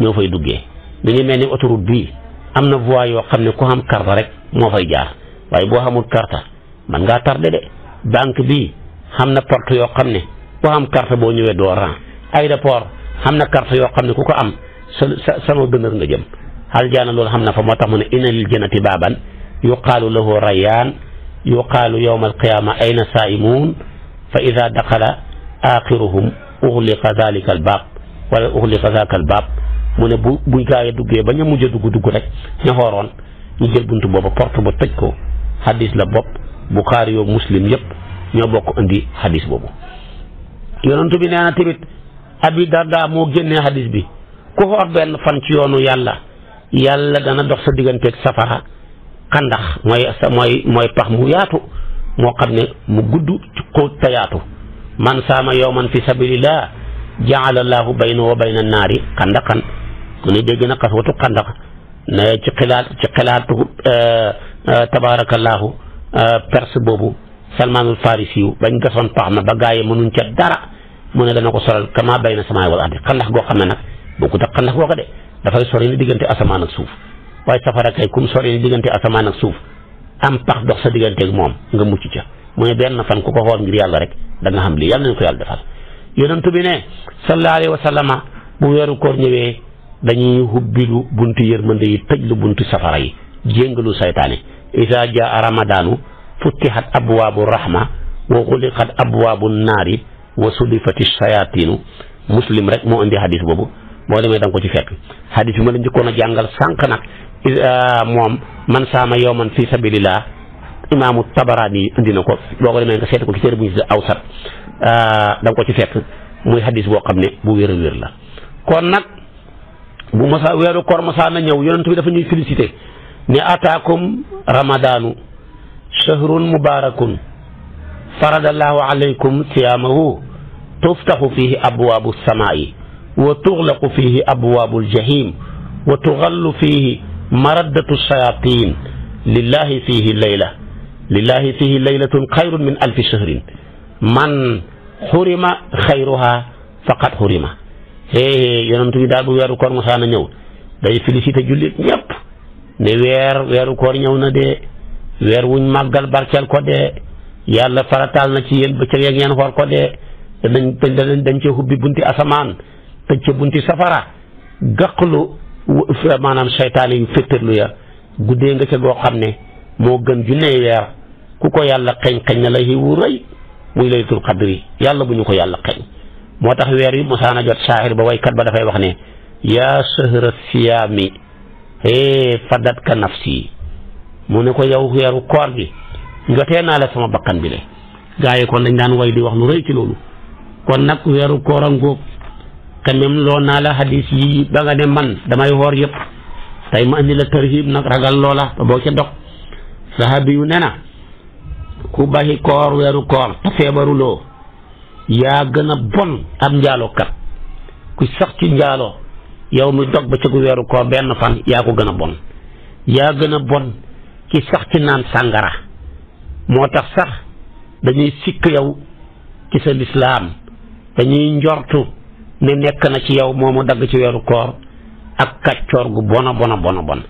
ñoo fay duggee mi ngi mel ni autoroute bii am na voie yoo xam ne ku xam carte rek moo fay jaar waaye boo xamul carte man ngaa tardé de banque bii xam na porte yoo xam ne ku xam carte boo ñëwee doo rang aéroport xam na carte yoo xam ne ku ko am sa sa sama gënër nga jëm aljana loolu xam na fa moo tax mu ne inna lil jannati baaban yuqaalu lahu rayaan yuqaalu yowma alqiyaama ayna saaimuun fa ida daxala axiruhum uxliqa dalika al baab wala uxliqa daaka al baab mu ne bu bu gaa yi duggee ba ñu mujj a dugg dugg rek ña xooroon ñu jël buntu booba porte ba tëj ko xadis la bopp buxaari yoo muslim yépp ñoo bokk indi xadis boobu. yonentu bi nee na tamit abi darda moo génnee xadis bi ku xoor benn fan ci yoonu yàlla yàlla dana dox sa digganteeg safara. xandax mooy sa mooy mooy pax mu yaatu moo xam ne mu gudd ci xóot te yaatu man saama yowman fi sabilillah jaala laahu bayna wa bayna naari xandaxan mu ne dégg na xaswatu xandax ne ci xilaat ci xilaatu eh, eh, tabaarakallaahu eh, perse boobu salmaanul farisi yu bañ gasoon pax ma ba gaa yi mënuñ ca dara mu ne dana ko solal kama bayna samaay wal ardi xandax goo xam ne nag bokkut ak xandax goo ko de dafay sori ni diggante asamaan ak suuf waaye safara kay kum sori diggante asamaan ak suuf am pax dox sa diggante ak moom nga mucc ca mu ne benn fan ku ko xool ngir yàlla rek danga xam lii yàlla nañ ko yàlla defal yonent bi ne sallallahu alayhi wa sallama bu weeru koor ñëwee dañuy hubbilu buntu yërmande yi tëj lu buntu safara yi jéngalu saytaane isa jaa ramadaanu futtihat abwaabu rahma wa xuliqat abwaabu naari wa sulifati sayatinu muslim rek moo indi hadis boobu boo demee da nga ko ci fekk hadis ma la a jàngal sànq Ah, moom man saama yowman fi sabilillah imaamu tabaraani indi na ko boo ko demee nga seet ko ci téere bu ñu si awsat ah, da nga ko ci fekk muy hadis boo xam ne bu wér a wér la kon nag bu masa weeru koor masa na ñëw yonent bi dafa ñuy félicité ne ataakum ramadaanu shahrun mubarakun faradallahu alaykum siyaamahu tuftaxu fihi abwaabu samaai wa tuxlaqu fihi abwaabu aljahim wa tuxallu fihi መረደቱ ሸያጢን ሊላሂ ፊህ ለይላ ሊላሂ ፊህ ለይለቱን ኸይሩን ሚን አልፊ ሽህሪን ማን ሑሪማ ኸይሩሃ ፈቀድ ሑሪማ hé hé yonent bi daal bu weeru koor ma saana ñëw day félicité jullit ñëpp ne weer weeru koor ñëw na de weer wuñ màggal barkeel ko de yàlla farataal na ci yéen bëccëg yeeg ngeen xoor ko de danañ dañ dañ cee hubbi bunti asamaan tëj ca bunti safara gàqlu maanaam seytaane yu féttarlu ya guddee nga ca goo xam ne moo gën junne weer ku ko yàlla xeñ xeñ na la xiwu rëy muy laylatul qadri yàlla bu ñu ko yàlla xeñ moo tax weer wi mosaan a jot saaxir ba waykat ba dafay wax ne yaa sëhra siyaami hee fadat ka nafsi mu ne ko yow weeru koor gi jotee naa la sama bakkan bi le gaa yi kon dañ daan way di wax lu rëy ci loolu kon nag weeru koor a mem lo na la hadis yi ba nga ne man damay woor yep tay ma andi la tarhib nak ragal lola, bo ci dog sahabi yu nena ku bahi kor weru kor te feebaruloo yaa gën a bon ab kat ku sax ci njaaloo yow mu dog ba ci ku weru ben fan ya ko gëna bon ya gëna bon ki sax ci nan sangara motax sax dañuy sik yow ci sa dañuy njortu ne nekk na ci yow moomu dagg ci weeru koor ak kàccoor gu bona bona bona bon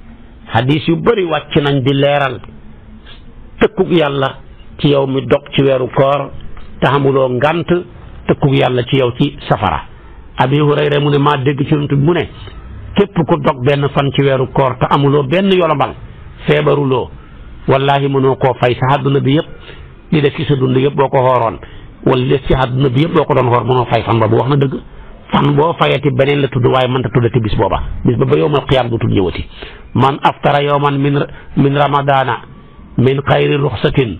xadiis yu bari wàcc nañ di leeral tëkkug yàlla ci yow mi dog ci weeru koor te xamuloo ngànt tëkkug yàlla ci yow ci safara abi hurayra mu ne maa dégg ci runtu mu ne képp ku dog benn fan ci weeru koor te amuloo benn yolombal feebaruloo wallahi mënoo koo fay sa àdduna bi yëpp di def ci sa dund yëpp boo ko xooroon wala li def ci àdduna bi yëpp boo ko doon xoor mënoo fay fan wax na dëgg fan boo fayati beneen la tudd waaye mënta tuddati bis booba bis ba ba yowmal qiyaam du tudd ñëwati man aftara yowman min min ramadana min xayri ruxsatin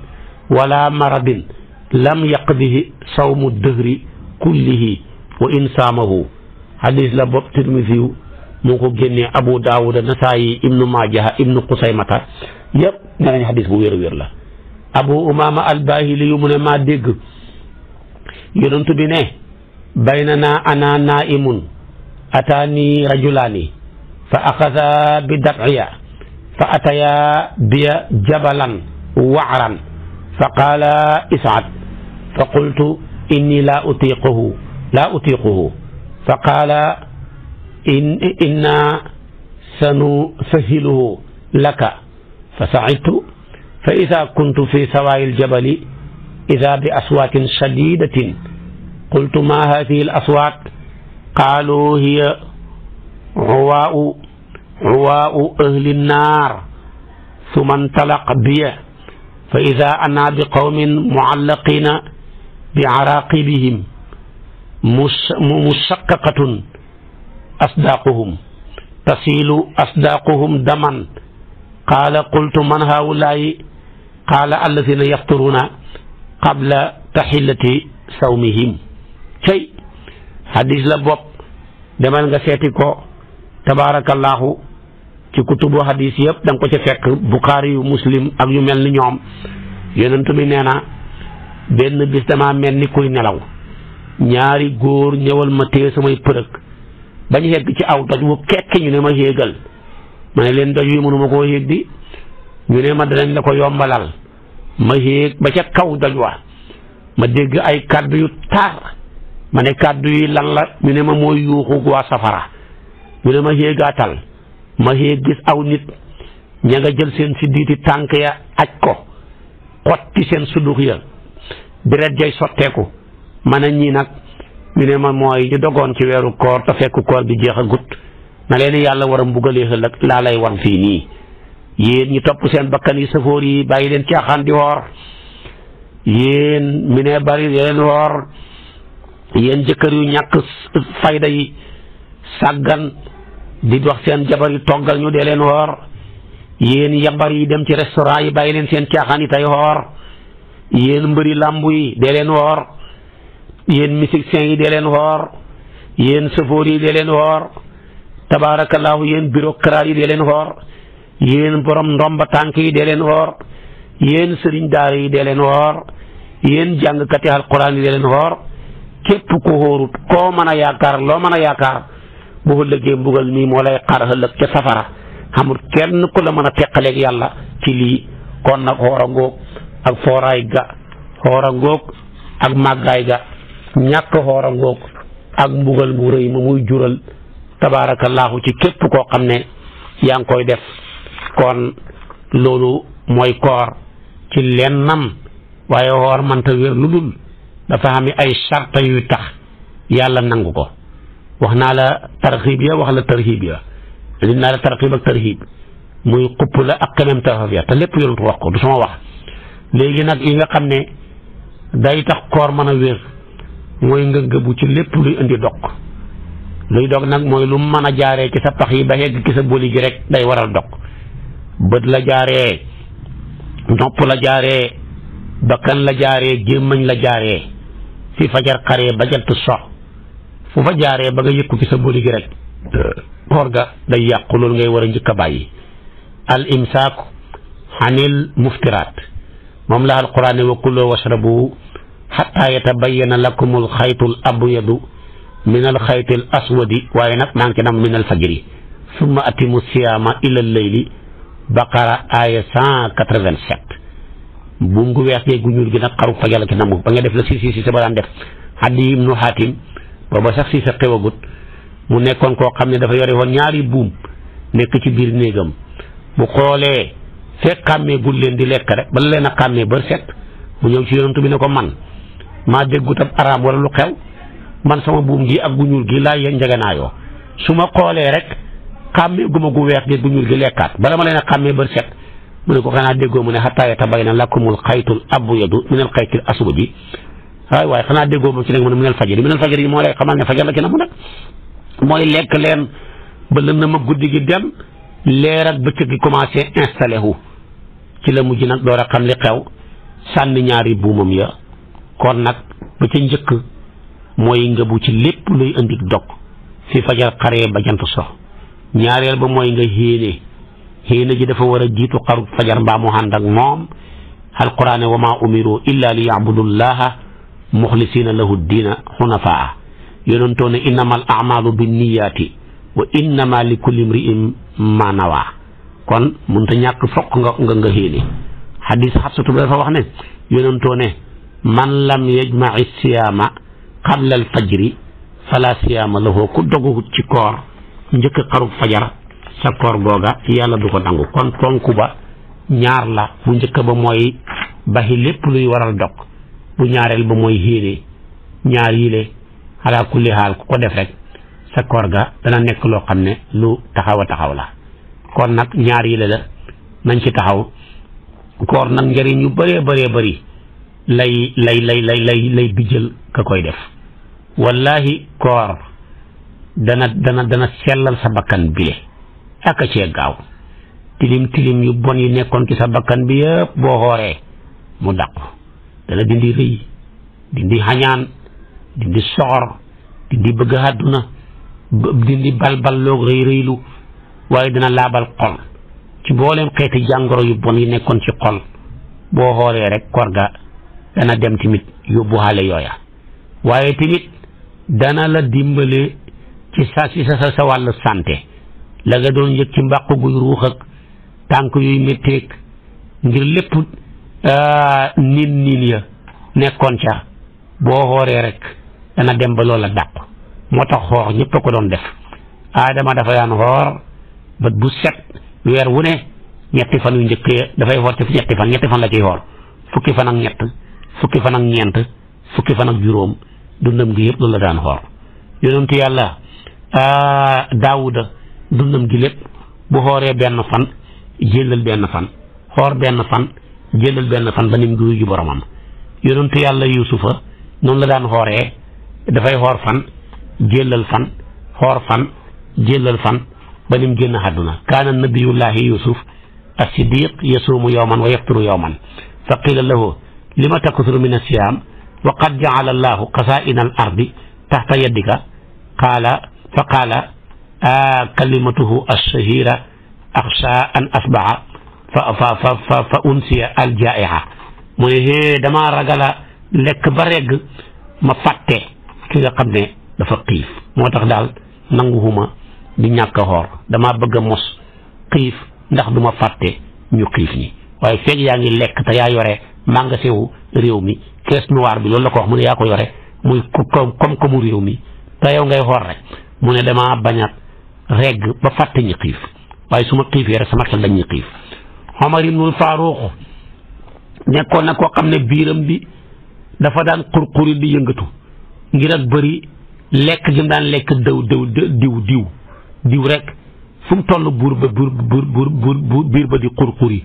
wala maradin lam yaqdihi sawmu dëhri kullihi wa insaamahu hadis la bopp tirmisiyu mu ko génnee abu daawuda nasaayi ibnu maajaha ibnu qusaymata yëpp nee nañ hadis bu wér wér la abu umaama albahili yu mu ne maa dégg yonent bi ne baynana ana naimun ataani rajulaani fa axasa bi dafciya fa ataya biya jabalan wacran fa qaala iscad fa qultu inni laa utiiquhu laa utiiquhu fa qaala innaa sanusahiluhu laka fa sacidtu fa idaa kuntu fi sawaayil jabali idaa bi aswaatin shadiidatin قلت ما هذه الأصوات قالوا هي عواء عواء أهل النار ثم انطلق بي فإذا أنا بقوم معلقين بعراقبهم مشققة أصداقهم تسيل أصداقهم دما قال قلت من هؤلاء قال الذين يفطرون قبل تحلة صومهم cey hadis la bopp demal nga seeti ko tabaarakallaahu ci kutubu hadis yëpp da ko ca fekk bukaari yu muslim ak yu mel ni ñoom yonent bi nee na benn bis dama mel ni kuy nelaw ñaari góor ñëwal ma téye samay përëg bañ yegg ci aw doj wu kekk ñu ne ma yéegal ma ne leen doj wi mënuma koo yéeg di ñu ne ma danañ la ko yombalal ma yéeg ba ca kaw doj wa ma dégg ay kàddu yu tar ma ne kàddu yi lan la ñu ne ma mooy yuuxu waa safara ñu ne ma xéegaatal ma xéeg gis aw nit ña nga jël seen si diiti tànk ya aj ko xotti seen sudux ya deret jay sotteeku ma ne ñii nag ñu ne ma mooy ñu dogoon ci weeru koor te fekk koor gi jeex a gut na leen yàlla war a mbugalee xëlëg laa lay wan fii nii yéen ñu topp seen bakkan yi safóor yi bàyyi leen caaxaan di woor yéen mi ne bari leen woor yéen jëkkër yu ñàkk fayda yi sàggan di dox seen jabar yi toggal ñu dee leen woor yéen yambar yi dem ci restaurant yi bàyyi leen seen caaxaan yi tey woor yéen mbëri làmb yi dee leen woor yéen musiciens yi dee leen woor yéen sëfoor yi dee leen woor tabaarakallaahu yéen bureaucrate yi dee leen woor yéen borom ndomba tànk yi dee leen woor yéen sëriñ daara yi dee leen woor yéen jàngkati alquran yi dee leen woor képp ku xóorut koo mën a yaakaar loo mën a yaakaar boo lëggee mbugal nii moo lay xar ëllëg ca safara xamul kenn ku la mën a teqaleeg yàlla ci lii kon nag xoora ngoog ak fooraay ga xoora ngoog ak màggaay ga ñàkk xoora ngoog ak mbugal mu rëy ma muy jural tabaarakallaahu ci képp koo xam ne yaa ngi koy def kon loolu mooy koor ci lennam waaye xoor manta wér lu dafa am ay charte yu tax yalla nanguko waxna la tarhib ya wax la tarhib ya li la tarhib ak tarhib muy qupula ak kanam tarhib ya te lepp yoon wax ko du sama wax legi nak yi nga xamne day tax koor mana a moy nga gebu ci lepp luy andi dok luy dok nak moy lu mana jare ci sa tax yi ba yegg ci sa boli gi rek day waral dok beut la jare, nopp la jare, bakkan la jare. la jare fi fajar xaree ba jant sox fu fa jaaree ba nga yëkku ci sa boli gi rek koor ga day yàqu loolu ngay war a njëkk a bàyyi al imsaak anil muftiraat moom la alquran ne wa kuloo washrabu xataa yatabayana lakum al xaytu al abyadu min al xayti al aswadi waaye nag maa ngi ci nam min al fajri summa atimu siyaama ila al layli baqara aya 187 bu ngu weexee gu ñuul gi nak xaru fa yàlla namu ba nga def la si sisi ba daan def Adi ibnu Hatim ba sax sisi xewagut mu nekkon ko xam dafa yori won ñaari buum nekk ci bir néegam bu xoolee xamé gul leen di lek rek ba leen a xàmmee ba set bu ñew ci yoonu bi ne ko man ma déggut ab wala lu xew man sama buum gi ak gu gi la yo suma rek xamé guma gu weex gi gu ñuul gi lekkaat ma leena xamé ba set mu ne ko xana deggo mu ne ya tabayna lakumul xaytul abyadu khayt al aswad ay way xana deggo mu ci nek mu ne fajr fajri al fajri mo lay xamal ne fajar la ci namu nak moy lek len ba lëndëm ak guddi gi dem leer ak becc gi commencer installer hu ci la ji nak do ra xam li xew sanni ñaari buumam ya kon bu ci ñeuk moy nga bu ci lepp luy andik dok fi fajar xare ba jant so ñaarel ba moy nga yéene هي نجد فورا جيتو قرب فجر با مهندق موم القرآن وما أمروا إلا ليعبد الله مخلصين له الدين حنفاء يننتون إنما الأعمال بالنيات وإنما لكل امرئ ما نوى كون مونتا نياك فوق غنغا هيني حديث حفصة بن فوخ نه من لم يجمع الصيام قبل الفجر فلا صيام له كدغو تشكور نجك قرب فجر ca koor goga yalla duko ko nangu kon ponk ba ñaar la bu ñëk ba moy bahi lepp luy waral dok bu ñaarel ba moy ñaar le ala kulli hal ko def rek sa koor ga dana nekk ne lu taxaw taxaw la kon nak ñaar le la nañ ci taxaw koor nak ngari ñu bëree bëree bëri lay lay lay lay lay lay bijjal ka koy def wallahi kor, dana dana dana selal sa bakkan bile ñàkk cee gaaw tilim tilim yu bon yi nekkoon ci sa bakkan bi yëpp boo xooree mu dàqu dala dindi rëy dindi xañaan dindi soxor dindi bëgg àdduna dindi balbal loog rëy waaye dina laabal xol ci mbooleem xeeti jàngoro yu bon yi nekkoon ci xol boo xooree rek koor ga dana dem timit yóbbu xale yooya waaye tamit dana la dimbale ci sa sa sa wàllu santé la nga doon yëg ci mbàqu guy ruux ak tànk yuy métteeg ngir lépp ah, niin niin ya nekkoon ca boo xooree rek dana dem ba loola dàq moo tax xoor ñëpp a ko doon def aadama dafa daan xoor bët bu set weer wu ne ñetti fan yu njëkk dafay xoor ci ñetti fan ñetti fan la ciy xoor fukki fan ak ñett fukki fan ak ñeent fukki fan ak juróom dundam gi yëpp loolu la daan xoor yonentu yàlla ah, daawuda dundam gi lépp bu xore ben fan jëlal ben fan xor ben fan jëlal ben fan ba nim du ju boromam yonentu yàlla yusufa non la daan da fay xor fan jëlal fan xor fan jëlal fan ba nim génn haduna kana nabiyullah yusuf as-siddiq yasumu yawman wa yaftiru yawman fa qiila lahu lima takthuru min asiyaam wa qad jaala allahu qasaa'ina al ardi tahta yadika qaala fa qaala Ah, kalimatuhu as-sahira akhsha an asba'a fa fa fa fa fa unsiya al-ja'iha mu ne hee damaa ragala lekk ba regg ma fàtte ki nga xam ne dafa xiif moo tax daal di ñàkk a xoor damaa bëgg a mos ndax ma ñu xiif ñi waaye feeg ngi yore màngasewu réew mi caisse noire bi loolu la ko wax mu ne yaa ko yore muy comme comme mu réew mi te yow ngay rek mu ne damaa bañaat regg ba fàtte ñi xiif waaye su ma xiifee rek sama xel dañ ñu xiif Omar ibnul Faaruux nekkoon na koo xam ne biiram bi dafa daan xurxuri di yëngatu ngir ak bëri lekk gi mu daan lekk dëw dëw diw diw diw rek fu mu toll buur ba buur buur buur biir ba di xurxuri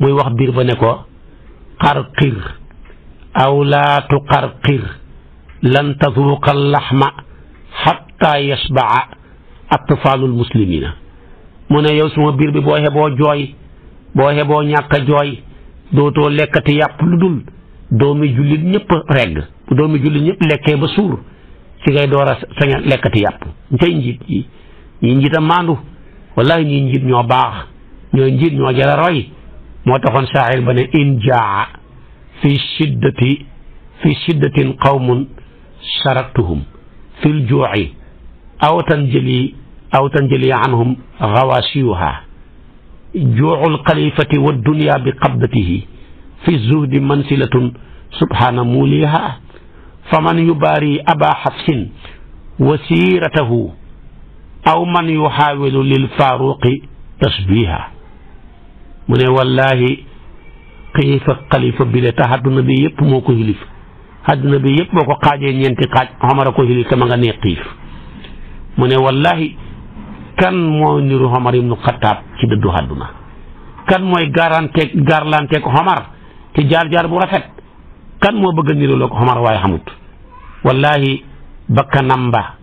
muy wax biir ba ne ko xarxir aw laa tuqarxir lan tazuuqa laxma xatta yasbaa atfaalul muslimina mu ne yow suma biir bi boo xeboo jooy boo xeboo ñàkk a jooy dootoo lekkati yàpp lu dul doomi jullit ñëpp regg bu doomi jullit ñëpp lekkee ba suur ci ngay door a sañ a lekkati yàpp tey njiit yi njiit a maandu wallahi njiit ñoo baax ñooy njiit ñoo jara moo taxoon saahir ba ne in jaa fi shiddati fi shiddatin qawmun sharaktuhum fi ljuuci aw tanjali أو تنجلي عنهم غواشيها جوع الخليفة والدنيا بقبضته في الزهد منسلة سبحان موليها فمن يباري أبا حفص وسيرته أو من يحاول للفاروق تشبيها من والله كيف الخليفة بلا تهد النبي يطمو كهلف هد النبي يطمو قاجين ينتقاج عمر كهلف كما غني قيف من والله kan moo niru Omar ibnu Xattaab ci dëddu àdduna kan mooy garanteeg garlanteeg Omar ci jaar-jaar bu rafet kan moo bëgg a niruloo ko Omar waaye xamut wallahi bakkanam ba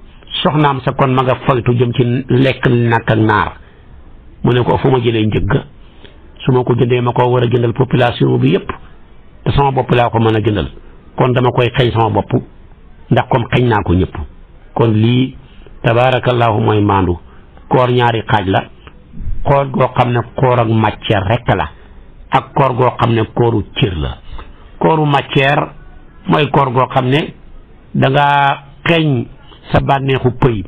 soxnaam sa kon ma nga faytu jëm ci lekk nak ak naar mu ne ko fu ma jëlee njëgg su ma ko jëndee ma ko war a jëndal population bi yépp te sama bopp laa ko mën a jëndal kon dama koy xëñ sama bopp ndax comme xëñ naa ko ñëpp kon lii tabaarakallahu mooy maandu koor ñaari xaaj la koor goo xam ne koor ak matière rekk la ak koor goo xam ne kooru cër la kooru matière mooy koor goo xam ne danga xeeñ sa bànneexu pëy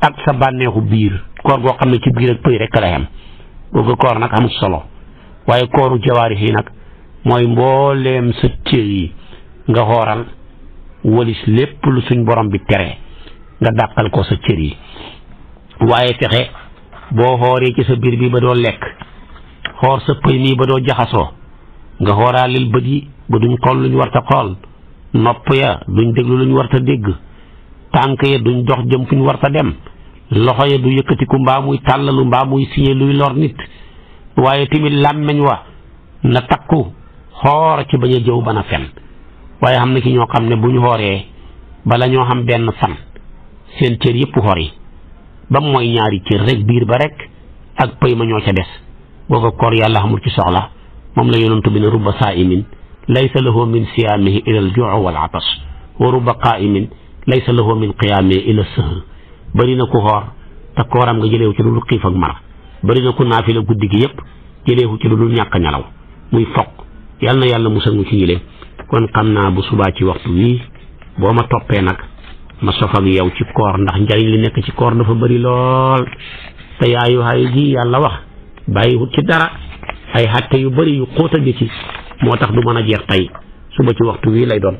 ak sa bànneexu biir koor goo xam ne ci biir ak pëy rekk la yem boobu koor nag am solo waaye kooru jawaarix yi nag mooy mbooleem sa cër yi nga xooral walis lépp lu suñ borom bi tere nga dàqal ko sa cër yi waaye fexe boo xooree ci sa biir bi ba doo lekk xoor sa pëy mii ba doo jaxasoo nga xooraaleel bët yi ba duñ xool luñ warta xool nopp ya duñ déglu luñ warta dégg tànk ya duñ dox jëm fuñ warta dem loxo ya du yëkkatiku mbaa muy tàllalu mbaa muy siñe luy lor nit waaye tamit làmmeñ wa na takku xoor ci bañ a jëw bana fen waaye xam na ci ñoo xam ne bu ñu xooree bala ñoo xam benn fan seen cër yëpp xor ba mu mooy ñaari cër rek biir ba rek ak pëy ma ñoo ca des booba koor yàlla xamul ci soxla moom la yonantu bi ne rubba saa'imin laysa lahu min siyaamihi ila al-juu' wal atas wa rubba qaa'imin laysa lahu min qiyaamihi ila as-sahr bëri na ku xoor te kooram nga jëleewu ci lu dul xiif ak mar bëri na ku naafila guddi gi yépp jëleewu ci lu dul ñàkk nelaw muy foq yàlla na yàlla musal mu ci ñile kon xam naa bu subaa ci waxtu wii boo ma toppee nag ma sofag yow ci koor ndax njariñ li nekk ci koor dafa bëri lool te yaayu hay ji yàlla wax bàyyiwut ci dara ay xàtte yu bëri yu xóot a moo tax du mën a jeex tey suba ci waxtu wii lay doon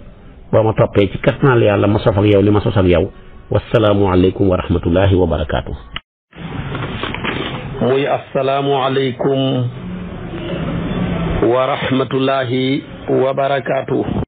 boo ma toppee ci kattanal yàlla ma sofag yow li ma sosag yow wasalaamu aleykum wa rahmatullahi wa barakaatu. wa rahmatullahi wa barakaatu.